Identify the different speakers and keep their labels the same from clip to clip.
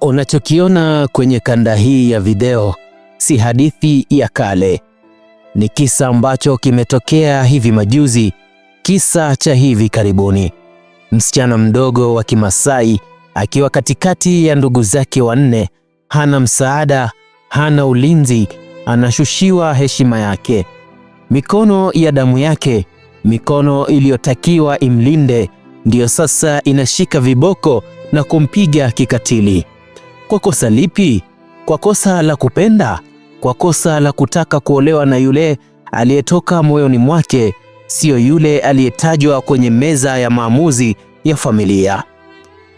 Speaker 1: Unachokiona kwenye kanda hii ya video si hadithi ya kale, ni kisa ambacho kimetokea hivi majuzi, kisa cha hivi karibuni. Msichana mdogo wa Kimasai akiwa katikati ya ndugu zake wanne, hana msaada hana ulinzi, anashushiwa heshima yake. Mikono ya damu yake, mikono iliyotakiwa imlinde, ndiyo sasa inashika viboko na kumpiga kikatili. Kwa kosa lipi? Kwa kosa la kupenda? Kwa kosa la kutaka kuolewa na yule aliyetoka moyoni mwake, siyo yule aliyetajwa kwenye meza ya maamuzi ya familia.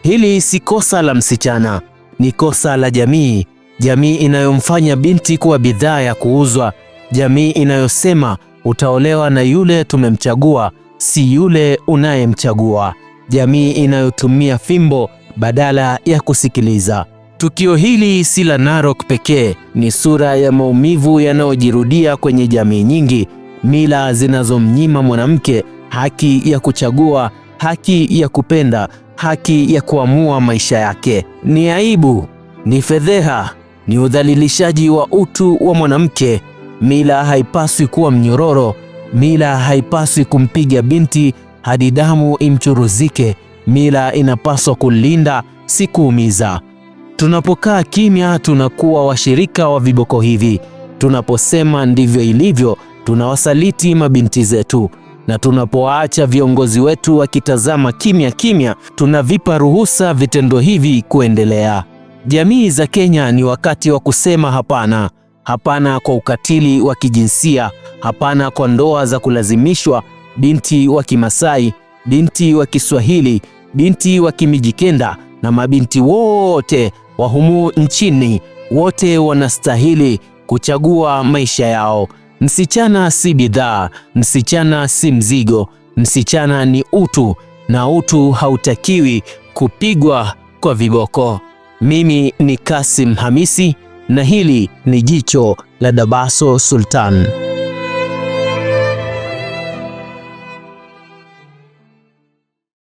Speaker 1: Hili si kosa la msichana, ni kosa la jamii, jamii inayomfanya binti kuwa bidhaa ya kuuzwa, jamii inayosema utaolewa na yule tumemchagua, si yule unayemchagua, jamii inayotumia fimbo badala ya kusikiliza. Tukio hili si la Narok pekee, ni sura ya maumivu yanayojirudia kwenye jamii nyingi, mila zinazomnyima mwanamke haki ya kuchagua, haki ya kupenda, haki ya kuamua maisha yake. Ni aibu, ni fedheha, ni udhalilishaji wa utu wa mwanamke. Mila haipaswi kuwa mnyororo. Mila haipaswi kumpiga binti hadi damu imchuruzike. Mila inapaswa kulinda, si kuumiza. Tunapokaa kimya, tunakuwa washirika wa viboko hivi. Tunaposema ndivyo ilivyo, tunawasaliti mabinti zetu, na tunapowaacha viongozi wetu wakitazama kimya kimya, tunavipa ruhusa vitendo hivi kuendelea jamii za Kenya ni wakati wa kusema hapana. Hapana kwa ukatili wa kijinsia, hapana kwa ndoa za kulazimishwa. Binti wa Kimasai, binti wa Kiswahili, binti wa Kimijikenda na mabinti wote wa humu nchini, wote wanastahili kuchagua maisha yao. Msichana si bidhaa, msichana si mzigo, msichana ni utu, na utu hautakiwi kupigwa kwa viboko. Mimi ni Kasim Hamisi na hili ni Jicho la Dabaso Sultan.